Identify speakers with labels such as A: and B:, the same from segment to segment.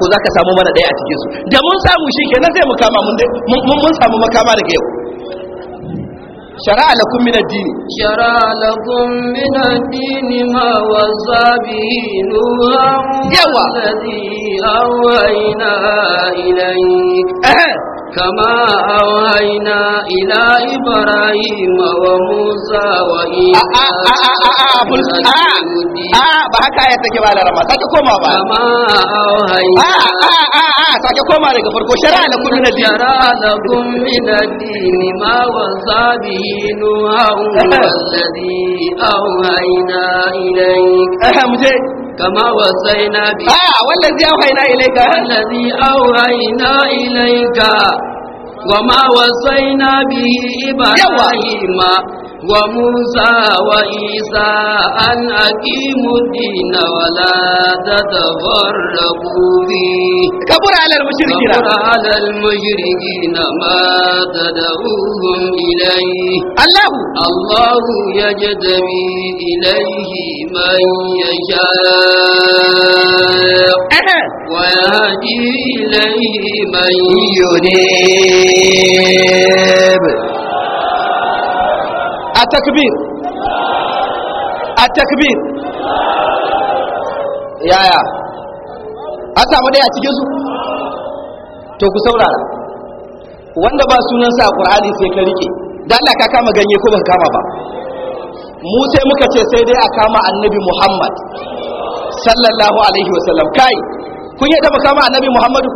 A: ko za ka samu mana ɗaya a cikinsu da mun samu shi kenan na zai makama mun dai mun samu makama daga yau shara alakun minar dini
B: shara alakun minar dini ma wa zabi nuwa yawa ladi awaina ilayi كما أوهينا إلى إبراهيم وموسى كما أوهينا شرع لكم من الدين ما وصى به نوح والذي أوهينا إليك kama wasai a wanda zai hawa ina ilaika wallazi hawa ina ilaika wa ma wasai وموسى وعيسى أن أقيموا الدين ولا تتفرقوا فيه كبر على المشركين كبر على المشركين ما تدعوهم إليه الله الله يجتبي إليه من يشاء ويهدي إليه من ينيب التكبير
A: التكبير يا يا أسامة دي To ku saurara. wanda ba sunansa a ƙur'ani sai ka rike da Allah ka kama ganye ko ba kama ba mu sai muka ce sai dai a kama annabi Muhammad sallallahu alaihi wasallam kai kun yadda mu kama annabi Muhammadu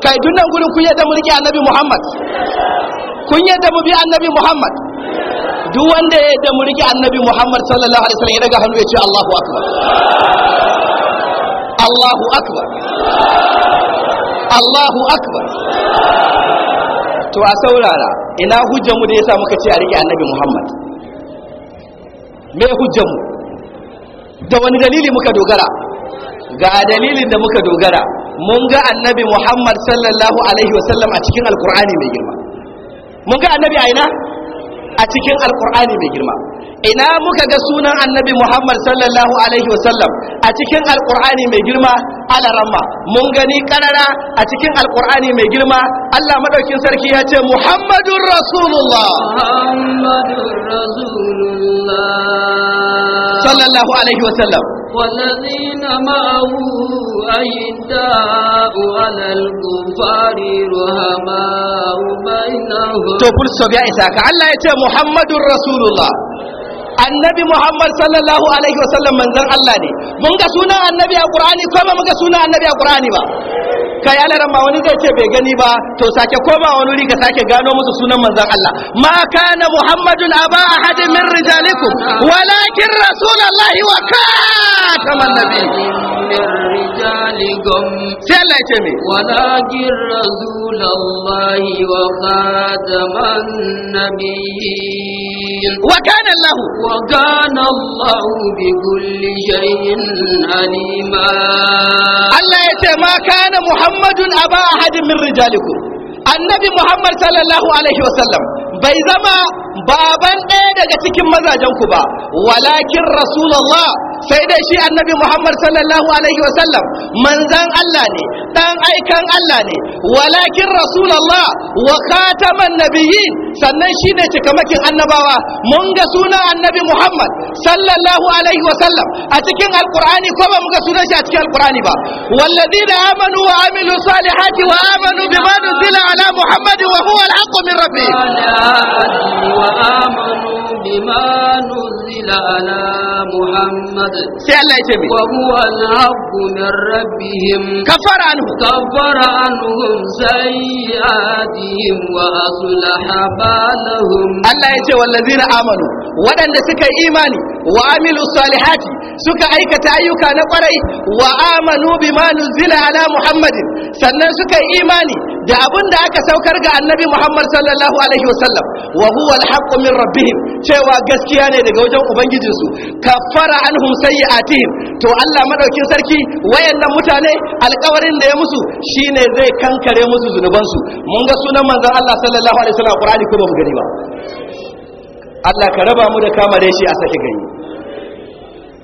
A: kai dunnan gurin kun yadda mu rike annabi Muhammad kun yadda mu bi annabi Muhammad duk wanda ya yadda mu rike annabi Muhammad sallallahu alaihi wasallam ya daga hannu ya ce Allahu akbar Allahu akbar
C: Allahu akbar
A: to a saurara ina hujjar mu da yasa muka ce a rike annabi Muhammad me hujjar mu da wani dalili muka dogara ga dalilin da muka dogara mun ga annabi Muhammad sallallahu alaihi wasallam a cikin alkur'ani mai girma mun ga annabi a ina a cikin alkur'ani mai girma ina muka ga sunan annabi muhammad sallallahu alaihi wasallam a cikin alkur'ani mai girma alaramma mun gani karara a cikin alkur'ani mai girma allah madaukin sarki ya ce muhammadun rasulullah
B: sallallahu alaihi wasallam والذين معه أيداء على الكفار رهماء بينهم
A: تقول سبيا إساك الله يتي محمد رسول الله annabi muhammad sallallahu alaihi wasallam manzon allah ne mun ga sunan annabi a qur'ani ko ba mun ga sunan annabi a qur'ani ba kai alaran ma wani zai ce bai gani ba to sake koma wani wuri ka sake gano musu sunan manzan allah ma kana muhammadun aba ahadin min rijalikum walakin rasulullahi wa
B: kataman للرجال غم ولكن رسول الله وخاتم النبيين وكان الله وكان الله بكل شيء عليما الله يتما
A: كان محمد أبا أحد من رجالكم النبي محمد صلى الله عليه وسلم bai zama baban ɗaya daga cikin mazajenku ba walakin rasulallah sai dai shi annabi muhammad sallallahu alaihi wasallam manzan allah ne dan aikan allah ne walakin rasulallah wa khataman nabiyyin sannan shi ne cikamakin annabawa mun ga sunan annabi muhammad sallallahu alaihi wasallam a cikin alqur'ani ko ba mu ga sunan shi a cikin alqur'ani ba walladina
B: amanu wa amilu salihati wa amanu bima nuzila ala muhammad wa huwa alhaqqu min rabbihim محمد سيلا يتمي وهو الحق من ربهم كفر عنهم كفر عنهم سيئاتهم وأصلح بالهم
A: الله يتي والذين آمنوا ودن سكي إيماني وعملوا الصالحات suka aikata ayyuka na kwarai wa amanu bima nuzila ala muhammadin sannan suka yi imani da abin da aka saukar ga annabi muhammad sallallahu alaihi wasallam wa huwa alhaqqu min rabbihim cewa gaskiya ne daga wajen ubangijinsu kaffara anhum sayyi'atihim to Allah madaukin sarki wayannan mutane alƙawarin da ya musu shine zai kankare musu zunubansu mun ga sunan manzon Allah sallallahu alaihi wasallam Qur'ani ko ba mu gani ba Allah ka raba mu da kamare shi a sake gani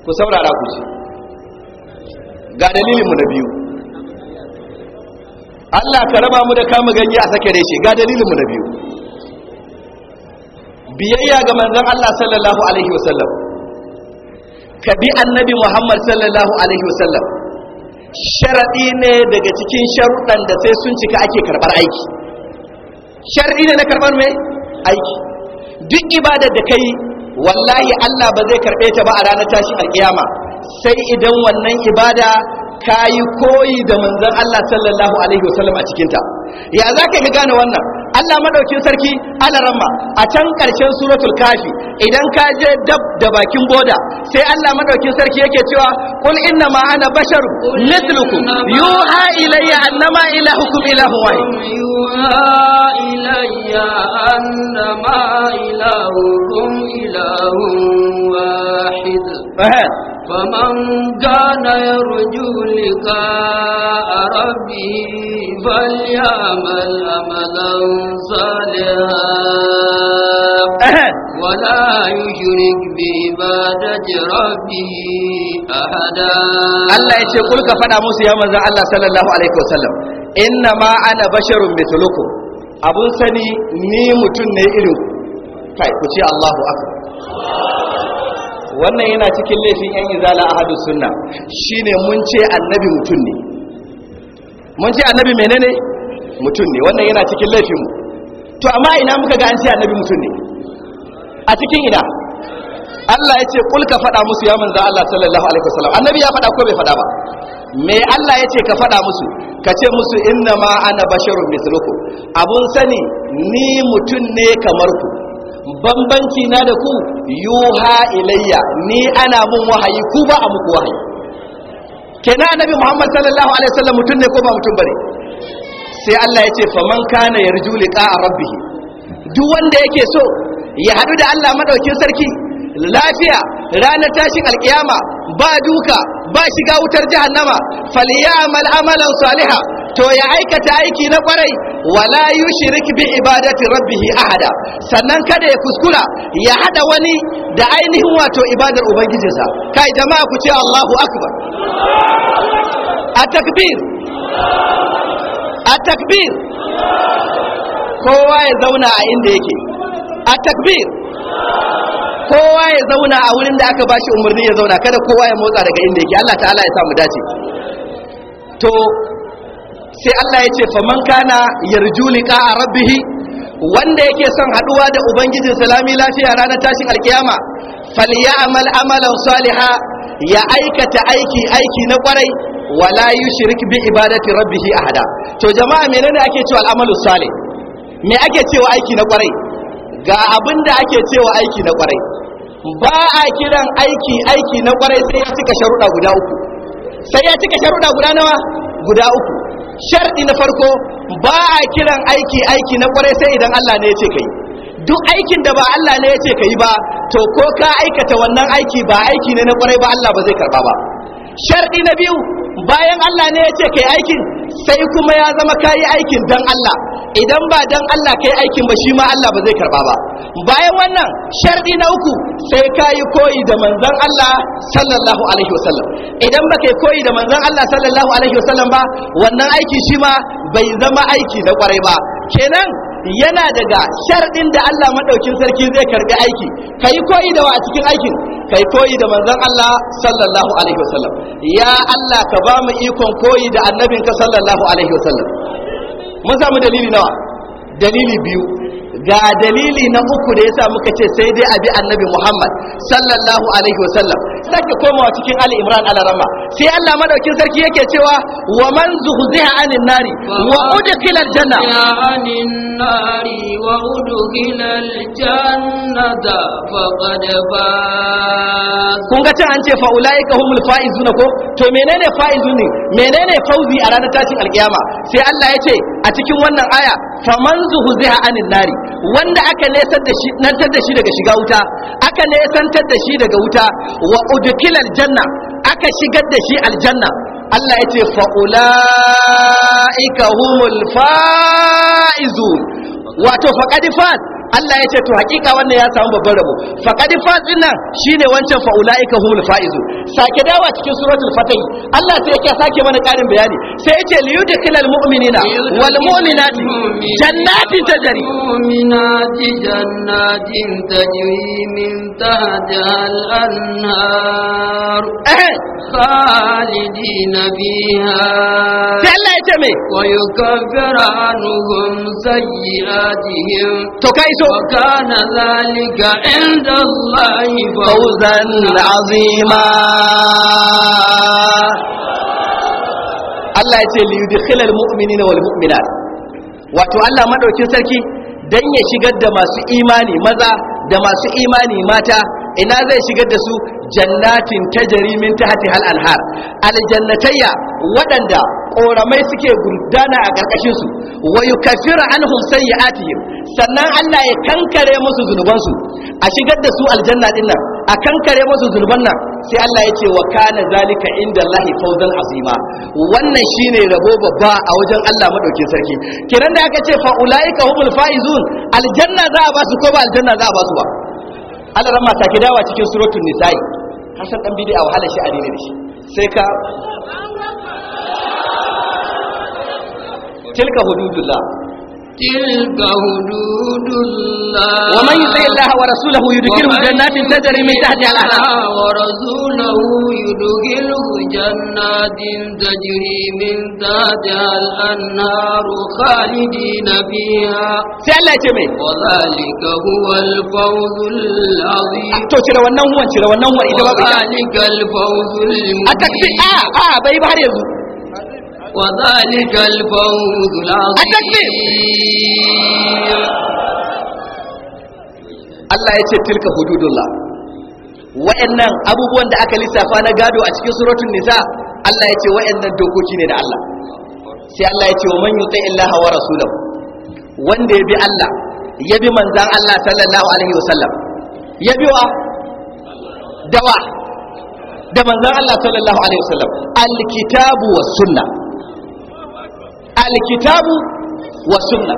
A: ku saurara ku ce ga dalilinmu na biyu Allah ka raba mu da kama ganye a sake da shi ga dalilinmu na biyu biyayya ga manzon Allah sallallahu alaihi wasallam ka bi annabi Muhammad sallallahu alaihi wasallam sharadi ne daga cikin sharudan da sai sun cika ake karɓar aiki sharadi ne na karɓar mai aiki duk ibadar da kai wallahi Allah ba zai karɓe ta ba a ranar tashi alƙiyama sai idan wannan ibada ka yi koyi da manzon Allah sallallahu alaihi wasallam a cikinta ya za ka gane wannan Allah maɗaukin sarki alaramma a can ƙarshen suratul kafi idan ka je dab da bakin boda sai Allah madaukin sarki yake cewa kul inna ma ana basharu mithlukum yuha ilayya annama ilahukum ilahu wahid
B: yuha ilayya annama ilahukum ilahu wahid فمن كان يرجو لقاء ربه فليعمل عملا صالحا ولا يشرك بعبادة ربه أحدا الله
A: يتي قل كفنا موسى يا مزا الله صلى الله عليه وسلم إنما أنا بشر مثلكم abun sani ni mutum ne طيب kai ku ce Allahu wannan yana cikin laifin yan izala a ahadu sunna shine mun ce annabi mutum ne mun ce annabi menene mutum ne wannan yana cikin laifin mu to amma ina muka ga an ce annabi mutum ne a cikin ina Allah ya ce kul ka faɗa musu ya manzo Allah sallallahu alaihi wasallam annabi ya faɗa ko bai faɗa ba me Allah ya ce ka faɗa musu ka ce musu inna ma ana basharun mislukum abun sani ni mutum ne kamar ku bambanci na da ku yuha ilayya ni ana mun wahayi ku ba a muku wahayi kenan annabi Muhammad sallallahu alaihi wasallam mutum ne ko ba mutum bane sai Allah ya ce faman kana yarju liqa rabbih duk wanda yake so ya haɗu da Allah maɗaukin sarki lafiya ranar tashin alkiyama ba duka ba shiga wutar jahannama falyamal amalan saliha to ya aikata aiki na kwarai wala yushrik bi ibadati rabbih ahada sannan kada ya kuskura ya hada wani da ainihin wato ibadar ubangijinsa kai jama'a ku ce Allahu akbar at-takbir kowa ya zauna a inda yake a takbir kowa ya zauna a wurin da aka bashi umarni ya zauna kada kowa ya motsa daga inda yake Allah ta'ala ya samu dace to sai Allah ya ce fa man kana yarju liqa rabbih wanda yake son haduwa da ubangijin salami lafiya ranar tashin alkiyama falyamal amalan saliha ya aikata aiki aiki na kwarai wala yushrik bi ibadati rabbih ahada to jama'a menene ake cewa al'amalu salih me ake cewa aiki na kwarai ga abin da ake cewa aiki na kwarai ba a kiran aiki aiki na kwarai sai ya cika sharuɗa guda uku sai ya cika sharuɗa guda nawa guda uku sharɗi na farko ba a kiran aiki aiki na kwarai sai idan Allah ne ya ce kai duk aikin da ba Allah ne ya ce kai ba to ko ka aikata wannan aiki ba aiki ne na kwarai ba Allah ba zai karba ba sharɗi na biyu bayan Allah ne ya ce kai aikin sai kuma ya zama yi aikin dan Allah idan ba dan Allah kai aikin ba shi ma Allah ba zai karba ba bayan wannan sharɗi na uku sai ka yi koyi da manzon Allah sallallahu alaihi wasallam idan ba kai koyi da manzon Allah sallallahu alaihi wasallam ba wannan aiki shi ma bai zama aiki da kwarai ba kenan yana daga sharɗin da Allah maɗaukin sarki zai karɓi aiki ka yi koyi da wa a cikin aikin ka yi koyi da manzon Allah sallallahu alaihi wasallam ya Allah ka ba mu ikon koyi da annabinka sallallahu alaihi wasallam mun samu dalili nawa dalili biyu ga dalili na uku da yasa muka ce sai dai abi annabi Muhammad sallallahu alaihi wasallam sake komawa cikin Ali Imran al-Rama sai Allah madaukin sarki yake cewa wa man zuhziha anin nari wa udkhila al-janna
B: anin nari wa udkhila al-jannata faqad ba
A: kun ga an ce fa ulaika humul faizuna ko to menene faizuni menene fauzi a ranar tashin alkiyama sai Allah ya ce a cikin wannan aya faman zuhziha anin nari wanda aka nesar da shi nantar da shi daga shiga wuta aka nesantar da shi daga wuta wa udkhila aljanna aka shigar da shi aljanna Allah ya ce ulaika humul Fa'izu, wato faqad faz Allah ya ce to hakika wannan ya samu babban rabo fa fazin nan shine wancan fa ulaika humul faizu sake dawa cikin suratul fatih Allah sai yake sake mana karin bayani sai
B: yace al mu'minina wal mu'minati jannatin tajri mu'minati jannatin tajri min tahtiha al-anhar خالدين فيها ويكفر عنهم سيئاتهم تو كاي fito kana zalika inda Allah fawzan azima Allah ya ce li
A: yudkhilal mu'minina wal mu'minat wato Allah madaukin sarki dan ya shigar da masu imani maza da masu imani mata ina zai shigar da su jannatin ta jarimin ta hati hal alhar aljannatayya waɗanda ƙoramai suke gudana a ƙarƙashinsu wayu kafira an humsan ya sannan allah ya kankare musu zunubansu a shigar da su aljanna ɗin nan a kankare musu zunuban nan sai allah ya ce wa kana zalika inda allahi fauzan azima wannan shine rabo babba a wajen allah maɗaukin sarki kiran da aka ce fa ulaika humul faizun aljanna za a ba su ko ba aljanna za a ba su ba Allah rama ta ke dawa cikin suratul nisa'i har dan bid'a wahala shi a dine da shi sai ka tilka hududullah
B: تلك حدود الله ومن يطع الله ورسوله يدخله جنات تجري من تحتها الانهار ورسوله يدخله جنات تجري من تحتها الانهار خالدين فيها وذلك هو الفوز العظيم to cire wannan huwan cire wannan huwan ita babu اه zalika آه، al-fawzul وذلك الفوز العظيم
A: Allah ya ce tilka hududullah wa'annan abubuwan da aka lissafa na gado a cikin suratul nisa Allah ya ce wa'annan dokoki ne da Allah sai Allah ya ce wa man yuti illaha wa rasulahu wanda ya bi Allah ya bi manzan Allah sallallahu alaihi wasallam ya bi wa dawa da manzan Allah sallallahu alaihi alkitabu wa sunna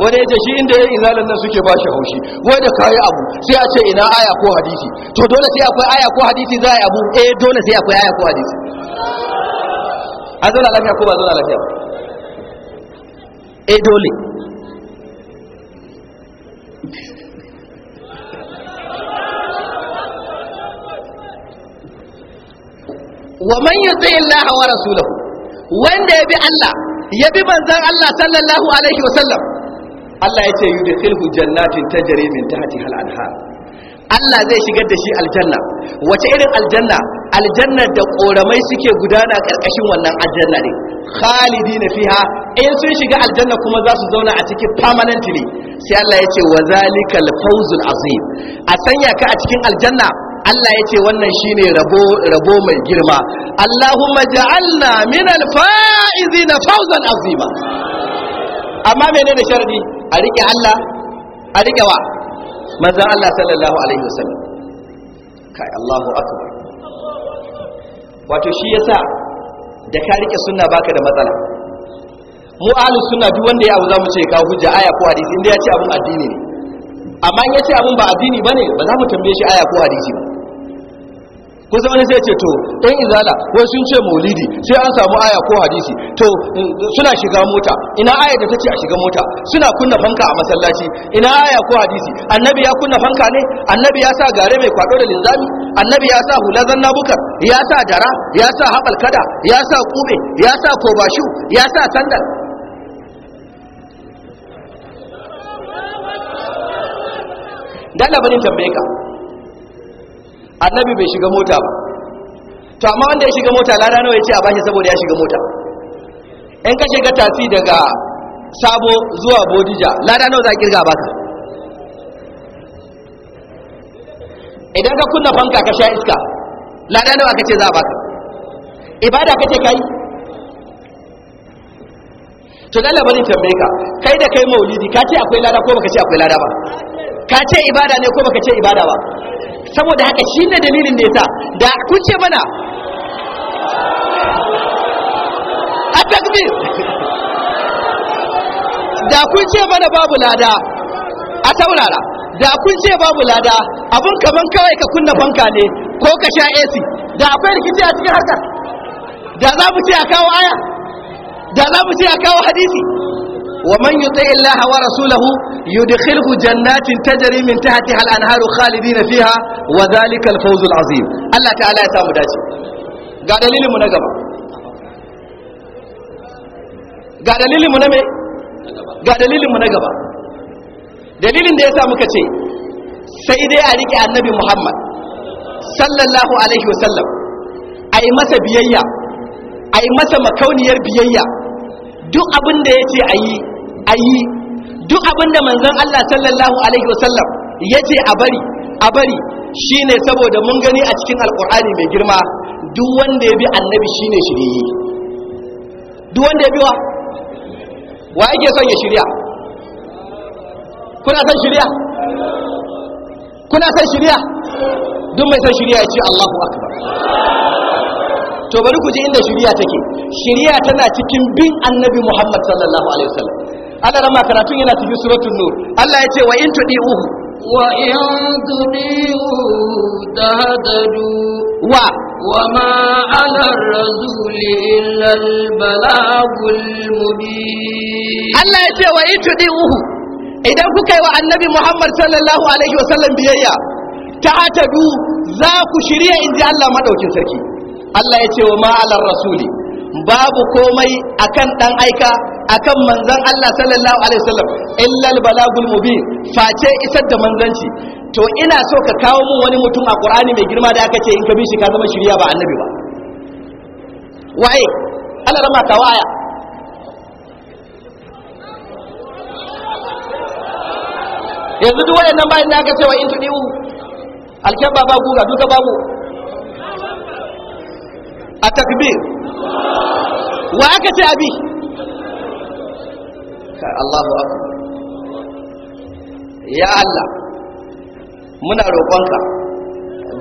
A: wanda ya ce shi inda ya izalan nan suke ba shi haushi wai da kayi abu sai a ce ina aya ko hadisi to dole sai akwai aya ko hadisi za a yi abu eh dole sai akwai aya ko hadisi a na lafiya ko ba na lafiya ba eh dole wa man yuti illaha wa rasulahu wanda ya bi Allah yabi manzon Allah sallallahu alaihi wasallam Allah ya ce yudkhilhu jannatin tajri min tahtiha al-anhar Allah zai shigar da shi aljanna wace irin aljanna aljannar da koramai suke gudana karkashin wannan aljanna ne khalidina fiha in sun shiga aljanna kuma za su zauna a ciki permanently sai Allah ya ce wa zalikal fawzul azim a sanya ka a cikin aljanna Allah ya ce wannan shine rabo rabo mai girma Allahumma ja'alna min alfa’izi na fawzan azima amma da sharadi a riƙe Allah a riƙe wa manzon Allah sallallahu alaihi wasallam kai Allahu akbar wato shi yasa da ka riƙe suna baka da matsala mu ahlus suna duk wanda ya abu za mu ce ka hujja aya ko hadisi inda ya ce abun addini ne amma in ya ce abun ba addini ba ne, ba za mu tambaye shi aya ko hadisi ba kusa wani sai ce to ɗan izala wai sun ce maulidi sai an samu aya ko hadisi to suna shiga mota ina aya da ta ce a shiga mota suna kunna fanka a masallaci ina aya ko hadisi annabi ya kunna fanka ne annabi ya sa gare mai kwaɗo da linzami annabi ya sa hula zanna bukar ya sa dara ya sa haɓal kada ya sa kube ya sa kobashu ya sa sandal dalabarin tambaye ka annabi bai shiga mota ba to amma wanda ya shiga mota lada nawa ya ce a bashi saboda ya shiga mota in ka shiga tafi daga sabo zuwa bodija lada nawa za a kirga baka idan ka kunna fanka ka sha iska lada nawa ka ce za a baka ibada kace kai to dalla bari tambaye ka kai da kai maulidi ka ce akwai lada ko baka ce akwai lada ba ka ce ibada ne ko baka ce ibada ba saboda haka shi ne dalilin da yasa da kun ce mana attakbir da kun ce mana babu lada a saurara da kun ce babu lada abun kaman kawai ka kunna fanka ne ko ka sha AC da akwai rikici a cikin harkar da za mu ce a kawo aya da za mu ce a kawo hadisi ومن يطع الله ورسوله يدخله جنات تجري من تحتها الانهار خالدين فيها وذلك الفوز العظيم الله تعالى ya samu dace ga dalilin mu na gaba ga dalilin mu na me ga dalilin mu na gaba dalilin da yasa muka ce sai dai a rike annabi Muhammad sallallahu alaihi wasallam yi masa biyayya a yi masa makauniyar biyayya duk abin da ya ce a yi a yi duk abin da manzon Allah sallallahu alaihi wasallam ya ce a bari a bari shine saboda mun gani a cikin alkur'ani mai girma duk wanda ya bi annabi shine shiriyi duk wanda ya bi wa wa yake son ya shirya kuna son shirya kuna son shirya duk mai son shirya ya ce Allahu akbar to bari ku ji inda shari'a take shari'a tana cikin bin annabi Muhammad sallallahu alaihi wasallam Allah rama karatun yana cikin suratul nur Allah ya ce wa in tudi'uhu
B: wa in tudi'u tahtadu wa وما على الرسول إلا البلاغ المبين
A: الله يتي وإن تدعوه إذا كوكا النبي محمد صلى الله عليه وسلم بيئيا تعتدوا ذاك شريع إن Allah مدعوك sarki. Allah ya ce wa ma'alar rasuli babu komai akan dan aika akan manzan Allah sallallahu alaihi wasallam illa balagul mubin face isar da manzanci to ina so ka kawo mun wani mutum a Qur'ani mai girma da aka ce in ka bi shi ka zama shirya ba annabi ba waye Allah rama kawo waya yanzu duk wayannan bayan da aka ce wa in tudiu alkaba baba guga duka babu a takbir wa aka ce abi ka Allahu akbar ya Allah muna roƙonka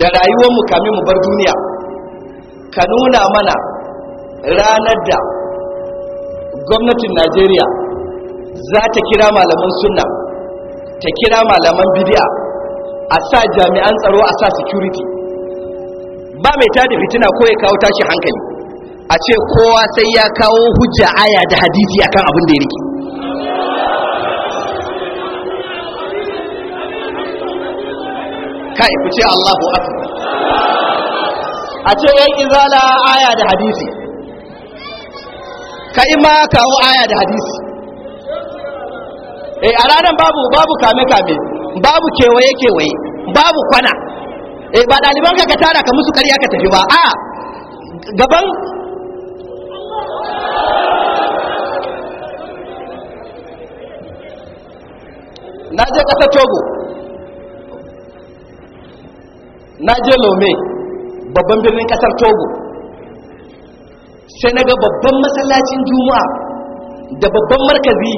A: da rayuwarmu kamin mu bar duniya ka nuna mana ranar da gwamnatin Najeriya za ta kira malaman sunna ta kira malaman Bidiya, a sa jami'an tsaro a sa security ba mai tada fitina ko ya kawo tashi hankali a ce kowa sai ya kawo hujja aya da hadisi akan abin da ya rike kai ku ce Allahu akbar a ce yan izala aya da hadisi ka ima kawo aya da hadisi eh a ranar babu babu kame kame babu kewaye kewaye babu kwana eh ba ɗaliban ka ka tara ka musu kariya ka tafi ba a gaban na je ƙasar togo na je lome babban birnin ƙasar togo sai na ga babban masallacin juma'a da babban markazi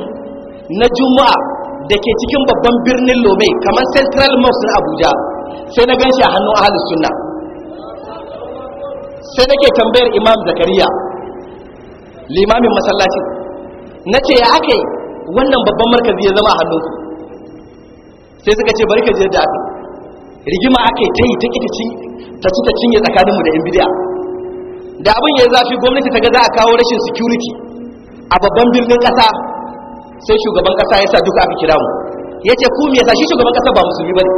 A: na juma'a da ke cikin babban birnin lome kamar central mosque na abuja sai na gan shi a hannun ahalus sunna sai nake tambayar imam zakariya limamin masallacin na ce ya aka wannan babban markazi ya zama a su, sai suka ce bari ka je da aka rigima aka yi ta yi ta kitacin ta ci ta cinye tsakaninmu da in da abin ya yi zafi gwamnati ta ga za a kawo rashin security a babban birnin ƙasa sai shugaban ƙasa ya sa duka aka kira mu ya ce ku ya sa shi shugaban kasa ba musulmi ba ne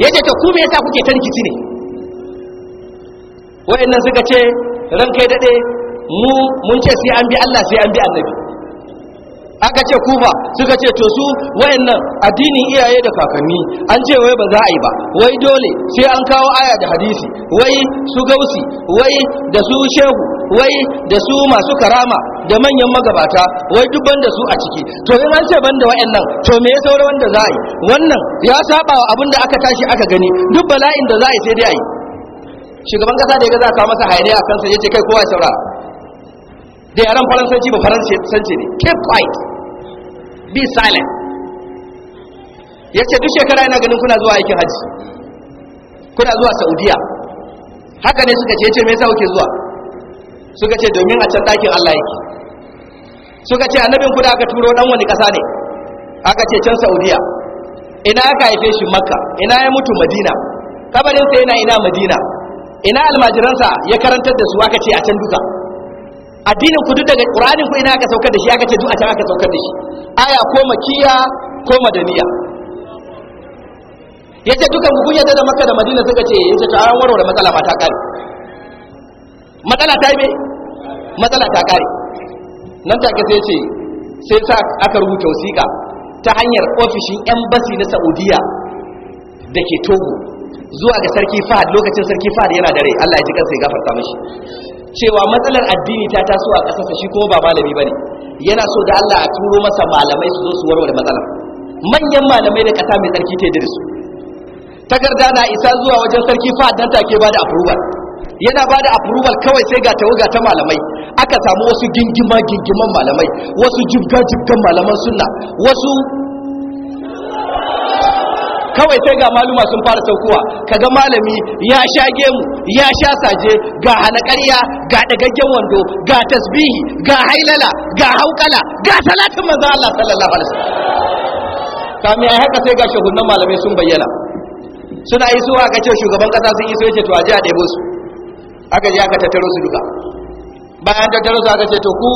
A: yace ta ku me yasa kuke ta rikici ne wayannan suka ce ran kai dade mu mun ce sai an bi Allah sai an bi annabi aka ce kufa suka ce to su wayannan addinin iyaye da kakanni an ce wai ba za a yi ba wai dole sai an kawo aya da hadisi wai su gausi wai da su shehu wai da su masu karama da manyan magabata wai duk banda su a ciki to in an ce banda wayannan to me ya saura wanda za a yi wannan ya saba wa abin da aka tashi aka gani duk bala'in da za a yi sai dai a shugaban kasa da ya ga za a kawo masa hayaniya a kansa ya ce kai kowa ya saura da yaran faransanci ba faransanci ne keep quiet be silent ya ce duk shekara yana ganin kuna zuwa aikin hajji kuna zuwa saudiya haka ne suka ce ya ce me yasa kuke zuwa suka ce domin a can ɗakin allah yake suka ce annabin kuda aka turo dan wani ƙasa ne aka ce can saudiya ina aka haife shi makka ina ya mutu madina kabarinsa yana ina madina ina almajiransa ya karantar da su aka ce a can duka addinin ku duk daga qur'anin ku ina aka saukar da shi aka ce duk a can aka saukar da shi aya ko makiya ko madaniya yace dukan ku kun yadda da makka da madina suka ce yace ta an warware matsala ba ta kare matsala ta me matsala ta kare nan take sai ce sai sa aka rubuta wasiƙa ta hanyar ofishin embassy na Saudiya da ke Togo zuwa ga sarki Fahad lokacin sarki Fahad yana da rai Allah ya ji kansa ya gafarta mishi cewa matsalar addini ta taso a ƙasarsa shi kuma ba malami bane yana so da Allah a turo masa malamai su zo su warware matsalar manyan malamai da ƙasa mai tsarki ta yi takarda na isa zuwa wajen sarki fa dan take bada approval yana bada approval kawai sai ga tawaga ta malamai aka samu wasu gingima gingiman malamai wasu jibga jibgan malaman sunna wasu kawai sai ga maluma sun fara saukowa kaga malami ya sha gemu ya sha saje ga halakariya ga dagaggen wando ga tasbihi ga hailala ga haukala ga salatin manzo Allah sallallahu alaihi wasallam kami haka sai ga shugaban malamai sun bayyana suna yi suwa ga cewa shugaban kasa sun iso soyayya to aje a debo su aka je aka tattaro su duka bayan tattaro su aka ce to ku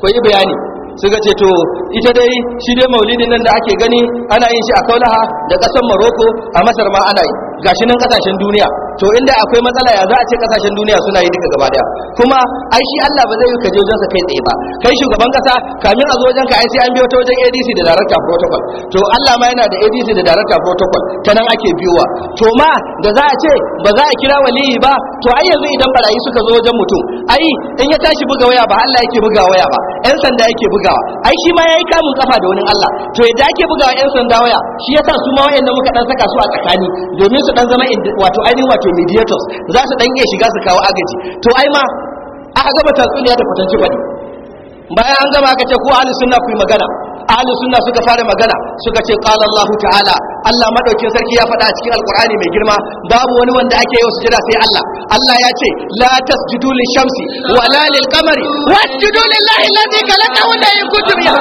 A: ku yi bayani suka ce to ita dai shi dai maulidin nan da ake gani ana yin shi a kaulaha da ƙasar maroko a masar ma ana yi gashi nan kasashen duniya to inda akwai matsala ya za a ce kasashen duniya suna yi duka gaba daya kuma ai shi Allah ba zai yi kaje wajen sa kai tsaye ba kai shugaban kasa kamin a zo wajen ka ai sai an biyo ta wajen ADC da director protocol to Allah ma yana da ADC da director protocol ta nan ake biyowa to ma da za a ce ba za a kira waliyi ba to ai yanzu idan barayi suka zo wajen mutum ai in ya tashi buga waya ba Allah yake buga waya ba yan sanda yake bugawa ai shi ma yayi kamun kafa da wani Allah to yadda ake bugawa yan sanda waya shi yasa su ma wayanda muka dan saka su a tsakani domin su dan zama wato ainihin wato mediators za su dan iya shiga su kawo agaji to ai ma aka gaba tatsuniya ta kwatanci faɗi bayan an gama aka ce ko ahli sunna ku yi magana ahli sunna suka fara magana suka ce qala Allah ta'ala Allah madaukin sarki ya faɗa a cikin alqur'ani mai girma babu wani wanda ake yi wa sujada sai Allah Allah ya ce la tasjudu Shamsi wa la qamari wasjudu lillahi alladhi wa la
B: yakutu bihi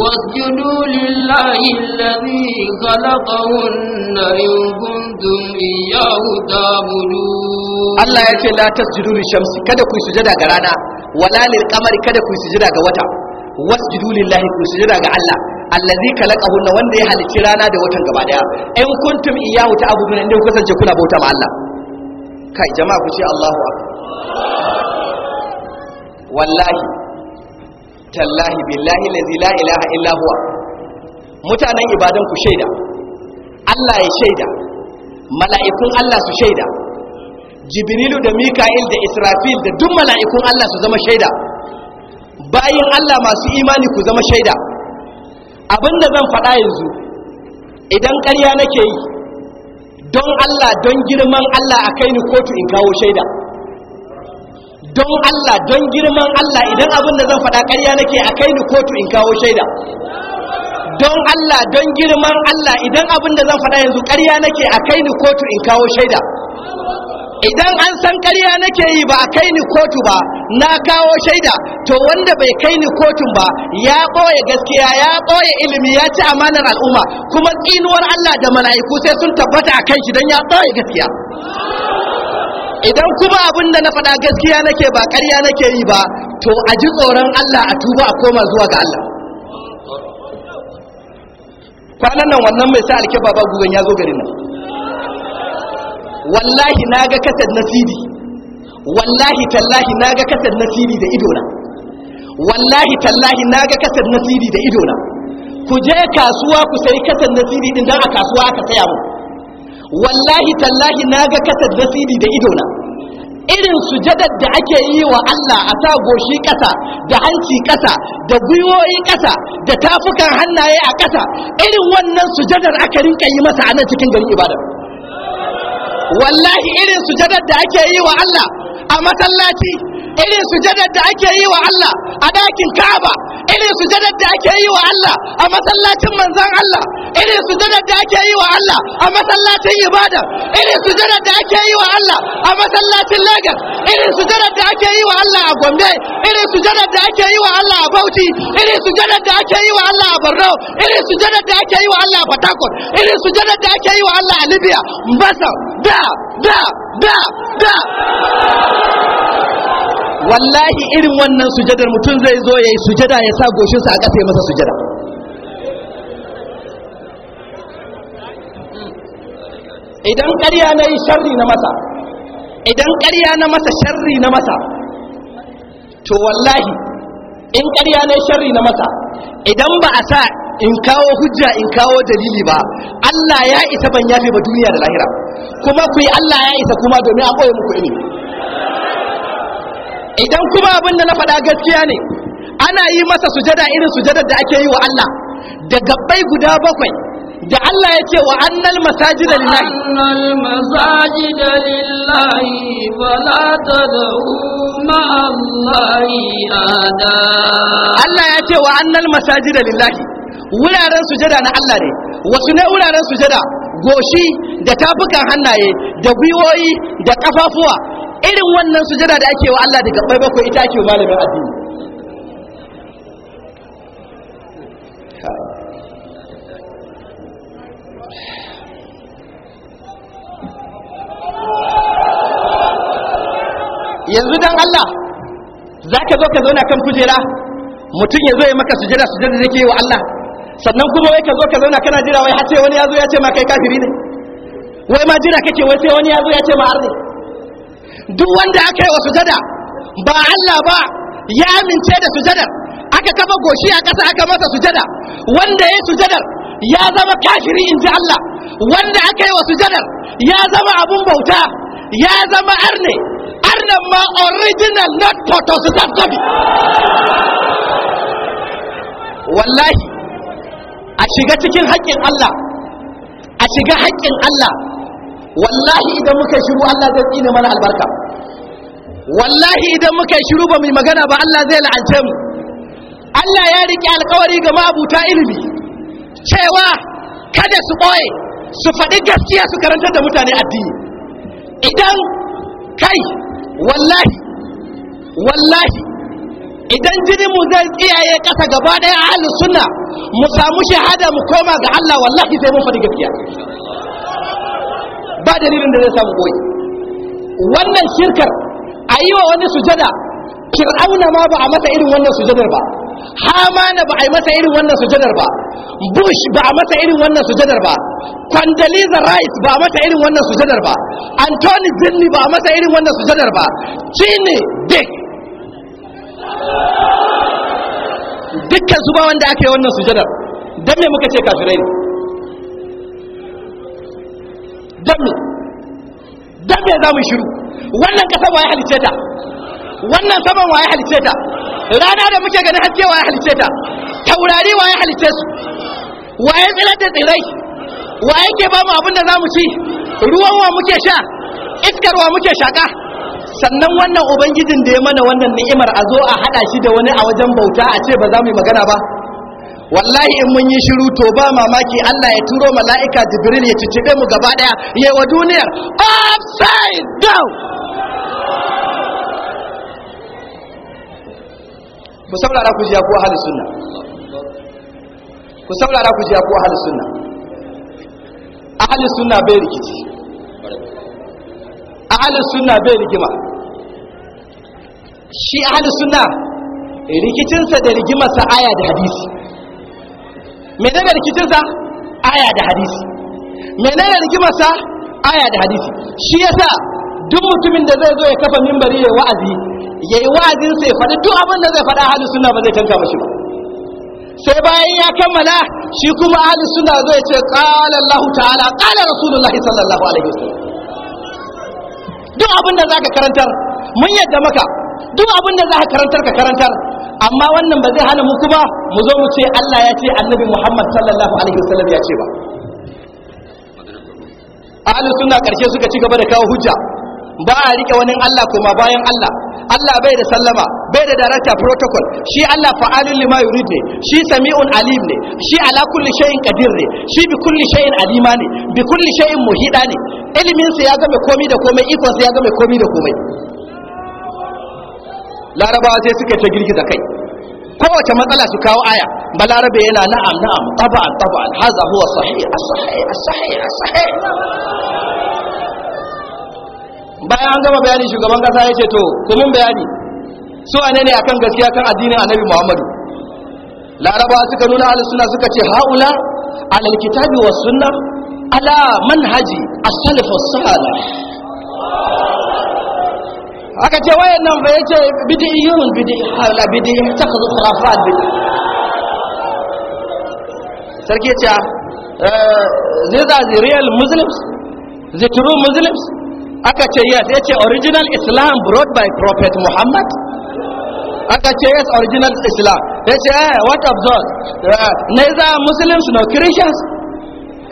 B: واسجدوا لله الذي خلقهن إن كنتم إياه تعبدون
A: الله يتي لا تسجدوا للشمس كذا كوي سجدا غرانا ولا للقمر كذا كوي سجدا غوتا wasjudu lillahi ku sujada ga Allah allazi khalaqahunna wanda ya halicci rana da watan gaba daya in kuntum iyyahu ta'buduna inda kuka sance kuna bauta ma Allah kai jama'a ku ce Allahu wallahi tallahi billahi lazi la ilaha illa huwa mutanen ibadan ku shaida Allah ya shaida mala'ikun Allah su shaida jibrilu da mika'il da israfil da duk mala'ikun Allah su zama shaida bayin Allah masu imani ku zama shaida abinda zan faɗa yanzu idan ƙarya nake yi don Allah don girman Allah a kai ni kotu in kawo shaida don Allah don girman Allah idan abin da zan faɗa ƙarya nake a kai ni kotu in kawo shaida don Allah don girman Allah idan abin da zan faɗa yanzu ƙarya nake a kai ni kotu in kawo shaida idan an san ƙarya nake yi ba a kai ni kotu ba na kawo shaida to wanda bai kai ni kotun ba ya ɓoye gaskiya ya ɓoye ilimi ya ci amanar al'umma kuma tsinuwar Allah da mala'iku sai sun tabbata a kan shi don ya ɓoye gaskiya idan kuma abin da na faɗa gaskiya nake ba ƙarya nake yi ba to a ji tsoron Allah a tuba a koma zuwa ga Allah kwanan nan wannan mai sa alke baba gugan ya zo garin nan wallahi na ga kasar na wallahi tallahi na ga kasar na sidi da idona wallahi tallahi na ga kasar na da idona ku je kasuwa ku sayi kasar na sidi din don a kasuwa aka saya mu wallahi tallahi na ga kasar da sidi da idona irin sujadar da ake yi wa Allah a sa goshi ƙasa da hanci ƙasa da gwiwoyi ƙasa da tafukan hannaye a ƙasa irin wannan sujadar aka rinka yi masa a nan cikin garin ibada wallahi irin sujadar da ake yi wa Allah a masallaci irin sujadar da ake yi wa Allah a dakin Ka'aba irin sujadar da ake yi wa Allah a masallacin manzon Allah irin sujadar da ake yi wa Allah a masallacin ibada irin sujadar da ake yi wa Allah a masallacin Lagos irin sujadar da ake yi wa Allah a Gombe irin sujadar da ake yi wa Allah a Bauchi irin sujadar da ake yi wa Allah a Borno irin sujadar da ake yi wa Allah a Port Harcourt irin sujadar da ake yi wa Allah a Libya Mbasa da da da da wallahi irin wannan sujadar mutum zai zo ya yi sujada ya sa goshinsa a ƙasa ya masa sujada idan ƙarya na yi sharri na masa idan ƙarya na masa sharri na masa to wallahi in ƙarya na yi sharri na masa idan ba a sa in kawo hujja in kawo dalili ba Allah ya isa ban yafe ba duniya da lahira kuma ku yi Allah ya isa kuma domin a ɓoye muku ilimi idan kuma abin da na faɗa gaskiya ne ana yi masa sujada irin sujadar da ake yi wa Allah
B: da gabbai guda bakwai da Allah ya ce wa annal masajid lillahi annal masajid lillahi fala tad'u ma ada
A: Allah ya ce wa annal masajid lillahi wuraren sujada na Allah ne wasu ne wuraren sujada goshi da tafukan hannaye da gwiwoyi da kafafuwa irin wannan sujada da ake wa Allah daga bai bako ita ake wa malamin addini yanzu dan Allah za ka zo ka zauna kan kujera mutum ya zo ya maka sujada sujada da ke wa Allah sannan kuma wai ka zo ka zauna kana jira wai har sai wani ya zo ya ce ma kai kafiri ne wai ma jira kake wai sai wani ya zo ya ce ma arzi. duk wanda aka yi wa sujada ba Allah ba ya amince da sujadar aka kafa goshi a ƙasa aka masa sujada wanda ya yi sujadar ya zama kafiri in ji Allah wanda aka yi wa sujadar ya zama abun bauta ya zama arne arnan ma original not photo su wallahi a shiga cikin haƙƙin Allah a shiga haƙƙin Allah wallahi idan muka shiru Allah zai tsine mana albarka wallahi idan muka shiru ba mu magana ba Allah zai la'ance mu Allah ya riƙe alƙawari ga mabuta ilimi cewa kada su ɓoye su faɗi gaskiya su karantar da mutane addini idan kai wallahi wallahi idan mu zai tsiyaye ƙasa gaba ɗaya a halin suna mu samu shahada mu koma ga Allah wallahi zai mun faɗi gaskiya ba dalilin da zai samu goyi wannan shirkar a yi wa wani sujada fir'auna ma ba a masa irin wannan sujadar ba hamana ba a yi masa irin wannan sujadar ba bush ba a masa irin wannan sujadar ba Condoleezza Rice ba a masa irin wannan sujadar ba Anthony Zinni ba a masa irin wannan sujadar ba Chini Dick dukkan su ba wanda aka yi wannan sujadar dan me muka ce kafirai ne dami dami za mu shiru wannan kasar waye halice ta wannan saman waye halice ta rana da muke ganin haske waye halice ta taurari waye halice su waye tsirar da tsirai waye ke ba mu abin da za mu ci ruwan wa muke sha iskar wa muke shaka sannan wannan ubangijin da ya mana wannan ni'imar a zo a haɗa shi da wani a wajen bauta a ce ba za mu yi magana ba wallahi in mun yi shiru to ba mamaki Allah ya turo mala'ika jibril ya cicibe mu gaba daya ya wa duniyar upside down ku saurara ku jiya ko ahli sunna ku saurara ku jiya ko ahli sunna ahli sunna bai rikici ahli sunna bai rigima shi ahli sunna rikicinsa da rigimarsa aya da hadisi menene rikicinsa aya da hadisi menene rikimarsa aya da hadisi shi yasa duk mutumin da zai zo ya kafa mimbari ya wa'azi ya yi wa'azin sai faɗi duk abin da zai faɗa halin suna ba zai tanka mashi ba sai bayan ya kammala shi kuma halin suna zai ce qala Allah ta'ala qala rasulullahi sallallahu alaihi wasallam duk abin da zaka karantar mun yadda maka duk abin da zaka karantar ka karantar amma wannan ba zai hana muku kuma mu zo mu ce Allah ya ce annabi Muhammad sallallahu alaihi wasallam ya ce ba ahli sunna karshe suka ci gaba da kawo hujja ba a rike wani Allah kuma bayan Allah Allah bai da sallama bai da darakta protocol shi Allah fa'alun lima yurid ne shi sami'un alim ne shi ala kulli shay'in qadir ne shi bi kulli shay'in alima ne bi kulli shay'in muhida ne ilimin sa ya game komai da komai ikon sa ya game komai da komai larabawa sai suka ta girgiza kai kowace matsala su kawo aya balarabe yana na'am na'am taba'an taba'an haza huwa sahi
C: as-sahih as
A: bayan an gama bayani shugaban kasa ya ce to kumin bayani su wane ne akan gaskiya kan addinin annabi muhammadu larabawa suka nuna halin suna suka ce haula alalkitabi wa was sunna ala manhaji a salih aka ce wayan nan fa yace bid'iyun bid'ala bid'i ta kazu khurafat bid'i sarki yace eh, these are the real muslims the true muslims aka ce yes yace original islam brought by prophet muhammad aka ce yes original islam yace eh what of those neither muslims nor christians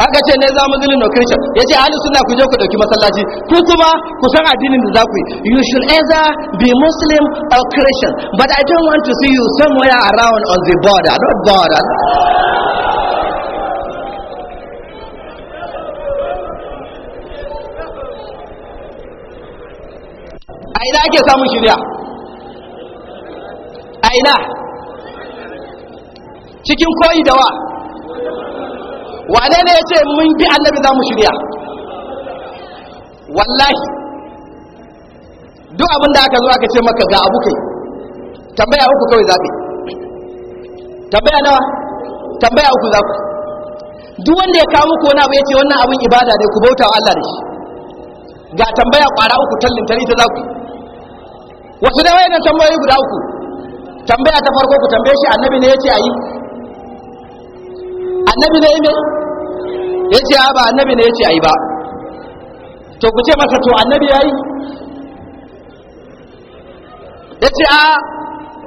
A: aka ce ne za mu zilin no christian ya ce ahli suna ku je ku dauki masallaci ku kuma ku san addinin da za ku yi you should either be muslim or christian but i don't want to see you somewhere around on the border not border a ina ake samun shirya a ina cikin koyi da wa wane ne ya ce mun bi annabi za mu shirya wallahi duk abinda aka zo aka ce maka ga abu kai tambaya uku kawai zaɓe tambaya nawa tambaya uku za ku duk wanda ya kawo muku wani abu ya ce wannan abin ibada ne ku bauta wa Allah da shi ga tambaya kwara uku tallin tari ta za ku wasu da wayannan tambayoyi guda uku tambaya ta farko ku tambaye shi annabi ne ya ce a yi annabi ne mai ya ce a ba annabi ne ya ce a yi ba to ku ce masa to annabi ya yi ya ce a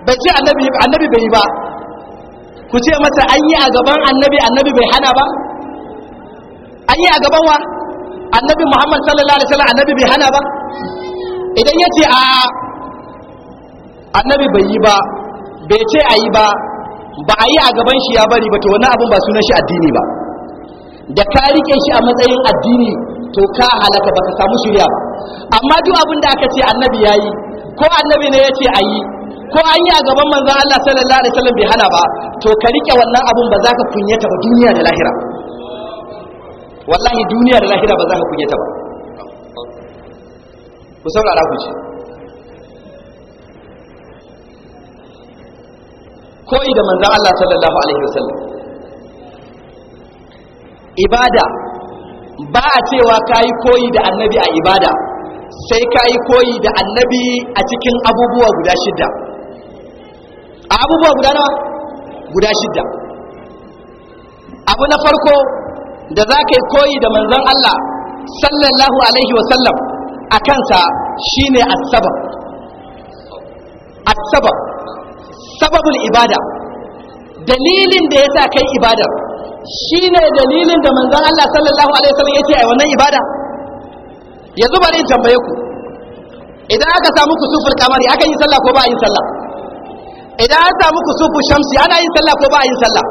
A: bai ce annabi bai yi ba ku ce masa an yi a gaban annabi annabi bai hana ba an yi a gaban wa annabi muhammad sallallahu alaihi wasallam annabi bai hana ba idan ya ce a annabi bai yi ba bai ce a yi ba ba a yi a gaban shi ya bari ba to wani abin ba sunan shi addini ba da ka rike shi a matsayin addini to ka halaka ka samu shirya ba amma duk abin da aka ce annabi ya yi, ko annabi ne ya ce a yi, ko an yi a gaban manzon Allah sallallahu alaihi wasallam bai hana ba to ka rike wannan abin ba za ka kunyata ba duniya da lahira wallahi duniya da lahira ba za ka kunyata ba ku saurara ku ce koyi da manzan Allah sallallahu alaihi wasallam ibada ba a cewa yi koyi da annabi a ibada sai yi koyi da annabi a cikin abubuwa guda shidda a abubuwa guda nawa guda shidda abu na farko da za ka yi koyi da manzan Allah sallallahu alaihi wasallam a kansa shine asabab asabab sababul ibada dalilin da ya sa kai ibada shine dalilin da manzon Allah sallallahu alaihi wasallam yace ai wannan ibada yanzu bari in tambaye ku idan aka samu kusufur kamari aka yi sallah ko ba a yi sallah idan an samu kusufur shamsi ana yin sallah ko ba a yi sallah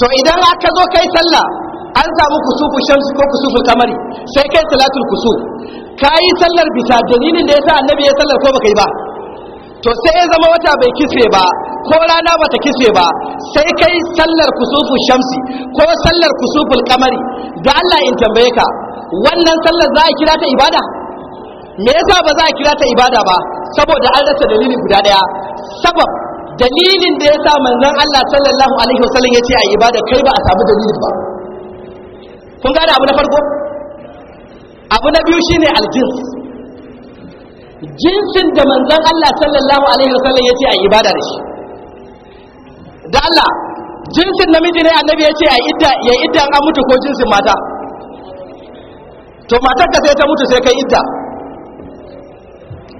A: to idan aka zo kai sallah an samu kusufu shamsi ko kusufu kamari sai kai salatul kusuf kai sallar bisa dalilin da yasa annabi ya sallar ko baka yi ba to sai ya zama wata bai kiswe ba ko rana bata kiswe ba sai kai sallar kusufu shamsi ko sallar kusuful kamari da Allah in tambaye ka wannan sallar za a kira ta ibada me yasa ba za a kira ta ibada ba saboda an rasa dalili guda daya sabab dalilin da yasa manzon Allah sallallahu alaihi wasallam yace a ibada kai ba a samu dalili ba kun gane abu na farko abu na biyu shine aljins jinsin da manzan Allah sallallahu alaihi wasallam ce a ibada da shi da Allah jinsin namiji ne annabi ce a idda ya idda an mutu ko jinsin mata to matar ka sai ta mutu sai kai idda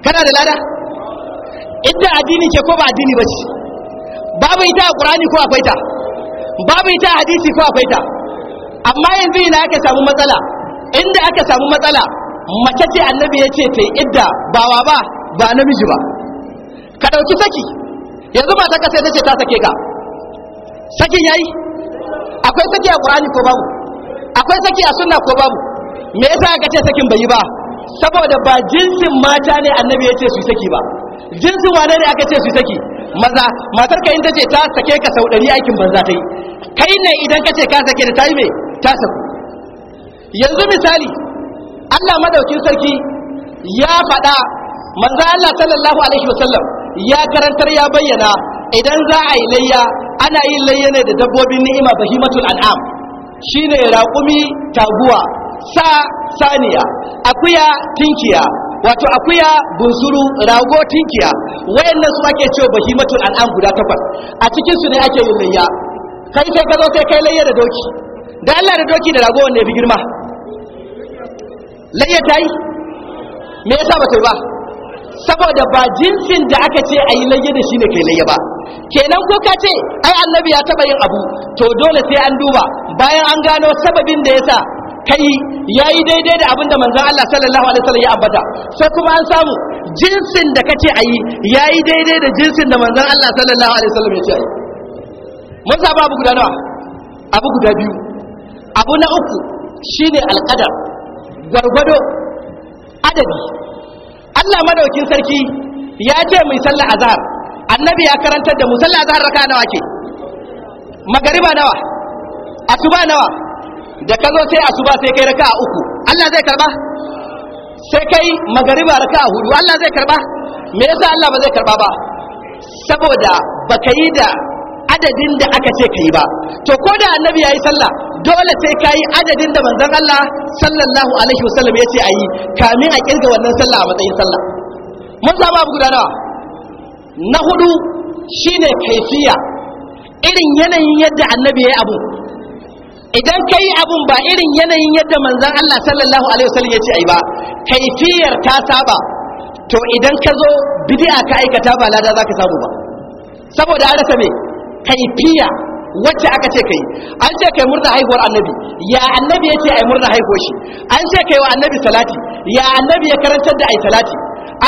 A: kana da lada idda addini ke ko ba addini ba ce babu ita a qur'ani ko akwai ta babu ita a hadisi ko akwai ta amma yanzu ina aka samu matsala inda aka samu matsala mace ce annabi ya ce ta yi idda ba wa ba ba namiji ba ka ɗauki saki yanzu ba ta kasa ta ce ta sake ka sakin yi. akwai saki a ƙur'ani ko babu akwai saki a sunna ko babu me yasa aka ce sakin bai yi ba saboda ba jinsin mata ne annabi ya ce su saki ba jinsin wane ne aka ce su saki maza matar ka in ta ce ta sake ka sau ɗari aikin banza ta yi kai ne idan ka ce ka sake da ta yi me ta saku yanzu misali Allah madaukin sarki ya faɗa manzo Allah sallallahu alaihi wasallam ya karantar ya bayyana idan za a yi layya ana yin layya ne da dabbobin ni'ima bahimatul an'am shine raƙumi taguwa sa saniya akuya tinkiya wato akuya bunsuru rago tinkiya wayannan su ake cewa bahimatul an'am guda takwas a cikin su ne ake yin layya kai sai ka zo sai kai layya da doki da Allah da doki da rago wanda ya fi girma laye ta yi me yasa ba kai ba saboda ba jinsin da aka ce a yi layya da shi ne kai layya ba kenan ko ka ce ai annabi ya taba yin abu to dole sai an duba bayan an gano sababin da yasa kai yayi daidai da abin da manzon Allah sallallahu alaihi wasallam ya ambata sai kuma an samu jinsin da kace ayi yayi daidai da jinsin da manzon Allah sallallahu alaihi wasallam ya ce ayi mun saba abu guda nawa abu guda biyu abu na uku shine alqadar gwargwado adadi Allah madaukin sarki ya ce mai sallar azhar annabi ya karantar da mu sallar azhar raka nawa ke magariba nawa asuba nawa da ka zo sai asuba sai kai raka uku Allah zai karba sai kai magariba raka hudu Allah zai karba me yasa Allah ba zai karba ba saboda baka yi da adadin da aka ce kai ba to ko da annabi yayi sallah dole sai ka yi adadin da manzon Allah sallallahu alaihi wasallam ya ce a yi kamin a kirga wannan sallah a matsayin sallah mun samu abu guda nawa na hudu shine kaifiya irin yanayin yadda annabi ya yi abu idan ka yi abun ba irin yanayin yadda manzon Allah sallallahu alaihi wasallam ya ce a yi ba kaifiyar ta saba to idan ka zo bid'a ka aikata ba lada za ka samu ba saboda an rasa me kaifiya wacce aka ce kai an ce kai murna haihuwar annabi ya annabi yake ai murna haihuwar shi an ce kai wa annabi salati ya annabi ya karantar da ai salati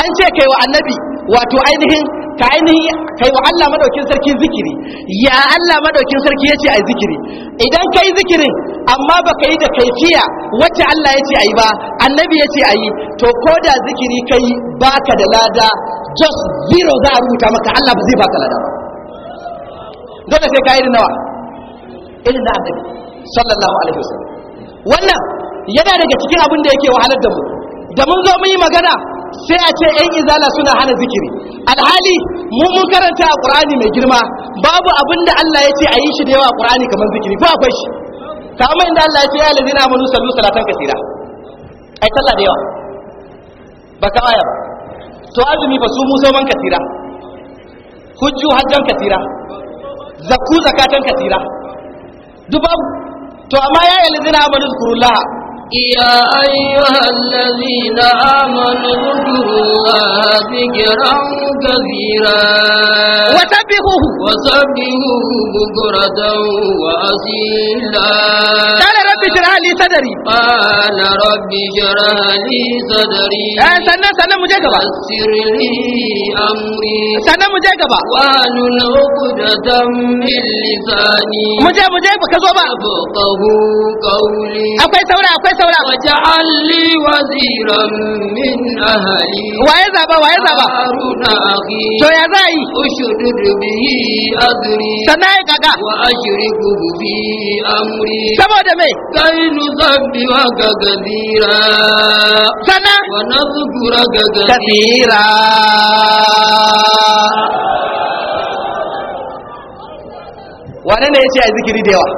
A: an ce kai wa annabi wato ainihin ka ainihin kai wa Allah madaukin sarki zikiri ya Allah madaukin sarki yace ai zikiri idan kai zikirin amma baka yi da kaifiya wacce Allah yace ai ba annabi yace ai to koda zikiri kai baka da lada just zero za a rubuta maka Allah ba zai baka lada ba dole sai ka irin nawa irin na annabi sallallahu alaihi wasallam wannan yana daga cikin abin da yake wahalar da mu da mun zo mun yi magana sai a ce yan izala suna hana zikiri alhali mu mun karanta a qur'ani mai girma babu abin da Allah ya ce a yi shi da yawa a qur'ani kamar zikiri ko akwai shi kamar inda Allah ya ce ya lazina amanu sallu salatan kasira ai sallah da yawa ba ka aya ba to azumi ba su mu zo man kasira hujju hajjan kasira zakku zakatan kasira duk babu
B: to amma ya yi amanu zikrullah يا أيها الذين آمنوا اذكروا الله ذكرا كثيرا وسبحوه وسبحوه بكرة وأصيلا قال رب اشرح لي صدري قال رب اشرح لي صدري آه، سنة سنة مجاكبة يسر لي أمري سنة مجاكبة واحلل عقدة من لساني مجاكبة مجاب كزوبا قولي أكوي سورة أكوي saura waja'al li waziran min ahli waye zaba waye zaba haruna akhi to ya zai ushudud bihi azri sanai kaga wa ashriku bi amri saboda me kai nuzabbi wa gagadira sana wa nazkura gagadira
A: wane ne ya ce a zikiri da yawa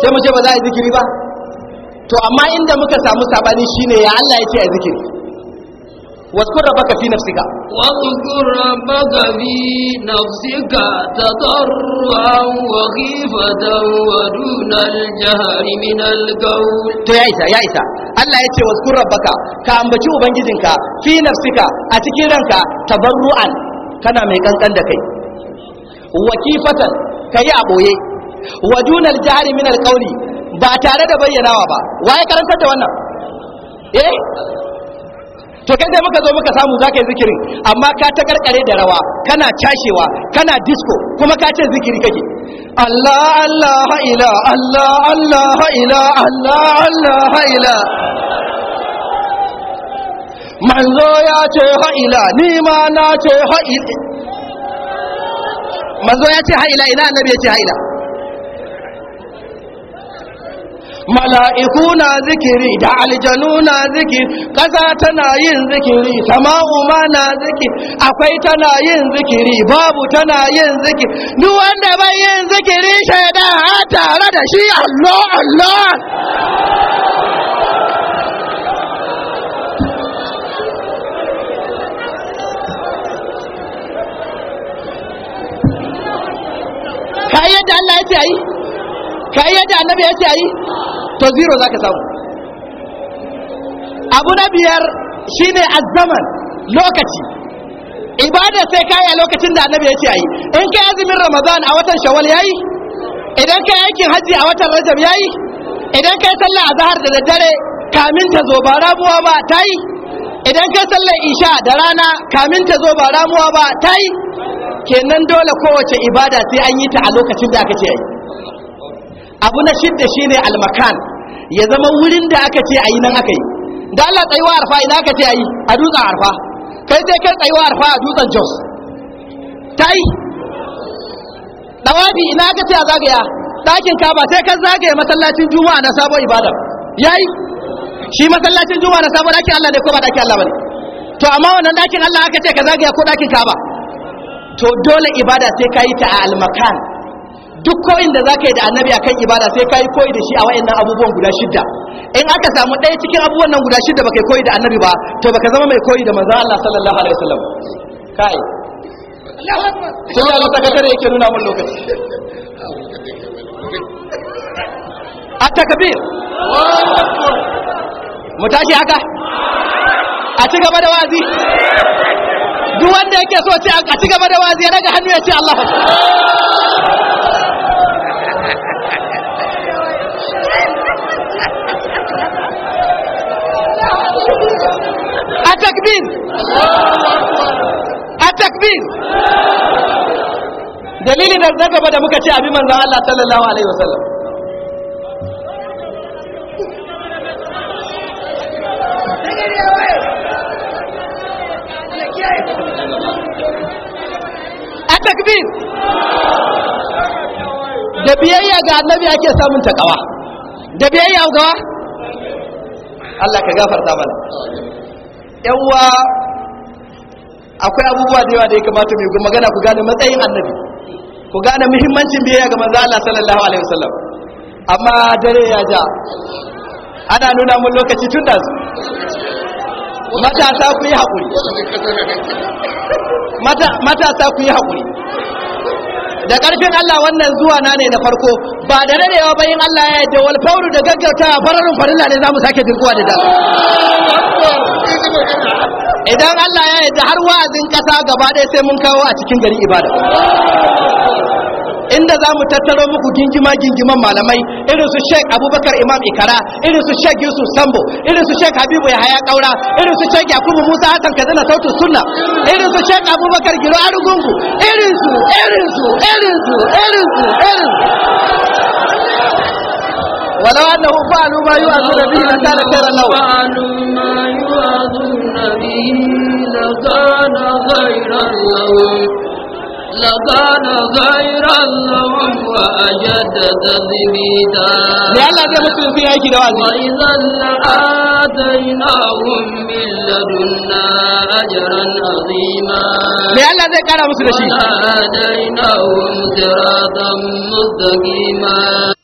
A: sai mu ce ba za a yi zikiri ba to amma inda muka samu sabani shine ya Allah ya ce a zikiri wasu rabaka fi nafsika
B: wasu rabaka fi nafsika ta tsarruwan wakifa ta wadunar jihari min gauri
A: to ya isa ya isa
B: Allah ya ce wasu
A: rabaka ka ambaci ubangijinka fi nafsika a cikin ranka tabarru'an kana mai kankan da kai wakifatan ka yi a ɓoye wadunar jihari min gauri ba tare da bayyanawa ba waye karantar da wannan eh to kai sai muka zo muka samu zakai zikiri. zikirin amma ka ta karkare da rawa kana cashewa kana disco kuma ka ce zikiri kake Allah Allah ila Allah Allah ila Allah Allah ila manzo ya ce ha'ila ni ma na ce ha'ila manzo ya ce ha'ila ina annabi ya ce ha'ila mala'iku na zikiri da aljanu na zikiri ƙasa tana yin zikiri sama'u ma na zikiri akwai tana yin zikiri babu tana yin zikiri duk wanda bai yin zikiri shaidan a tare da shi allah allah ka yadda Allah ya ce ayi ka yadda annabi ya ce ayi to zero za ka samu abu na biyar shine azaman lokaci ibada sai kayi a lokacin da annabi ya ce yi in kai azumin ramadan a watan shawwal yayi idan kai aikin haji a watan rajab yayi idan kai sallah azhar da daddare kamin ta zo ba ramuwa ba tayi idan kai sallar isha da rana kamin ta zo ba ramuwa ba tayi kenan dole kowace ibada sai an yi ta a lokacin da aka ce yi abu na shidda shi ne almakan ya zama wurin da aka ce ayi nan aka yi da Allah tsayuwa arfa ina aka ce ayi a dutsen arfa kai sai kai tsayuwa arfa a dutsen jos Ta yi dawabi ina aka ce a zagaya ɗakin kaba sai kan zagaya masallacin juma'a na sabon ibada yi shi masallacin juma'a na sabon ɗakin Allah ne ko ba ɗakin Allah ba ne? to amma wannan ɗakin Allah aka ce ka zagaya ko ɗakin kaba to dole ibada sai ka yi ta a almakan duk koyin da zaka yi da annabi akan ibada sai kai koyi da shi a wayannan abubuwan guda shidda in aka samu ɗaya cikin abubuwan nan guda shidda baka koyi da annabi ba to baka zama mai koyi da manzon Allah sallallahu alaihi wasallam kai
C: sai ya lata kakar yake nuna mun
A: lokaci a Kabir? mu tashi haka a ci gaba da wazi duk wanda yake so ce a ci gaba da wazi ya daga hannu ya ce Allah a takbir a takbir dalilin na gaba da muka ce abin manzan Allah sallallahu alaihi wasallam Take it a takbir da biyayya ga annabi ake samun takawa da biyayya ga Allah ka gafarta mana yawa akwai abubuwa da yawa da ya kamata mai magana ku gane matsayin annabi ku gane muhimmancin biyayya ga manzo Allah sallallahu alaihi wasallam amma dare ya ja ana nuna mun lokaci tun da su matasa ku yi haƙuri matasa ku yi haƙuri da ƙarfin Allah wannan zuwa na ne na farko ba da daɗewa bayin Allah ya yadda wal fauru da gaggauta fararin farilla ne za mu sake dirkuwa da dama idan Allah ya yadda har wa'azin ƙasa gaba ɗaya sai mun kawo a cikin gari ibada inda za mu tattaro muku gingima gingiman malamai irin su Sheikh Abubakar Imam Ikara irin su Sheikh Yusuf Sambo irin su Sheikh Habibu Yahaya Kaura irin su Sheikh Yakubu Musa Hassan Kazana Sautin Sunna irin su Sheikh Abubakar Giro
B: Arugungu irin su irin su irin su irin su irin ولو أنهم فعلوا ما يوعظون به لكان خيرا لهم فعلوا ما يوعظون به لكان خيرا لهم لكان غيرا لهم وأجد تثبيتا لألا دي مسلم فيها يجي دوازي وإذا لآتيناهم من لدنا أجرا عظيما لألا دي
A: كان مسلم فيها
C: وآتيناهم صراطا مستقيما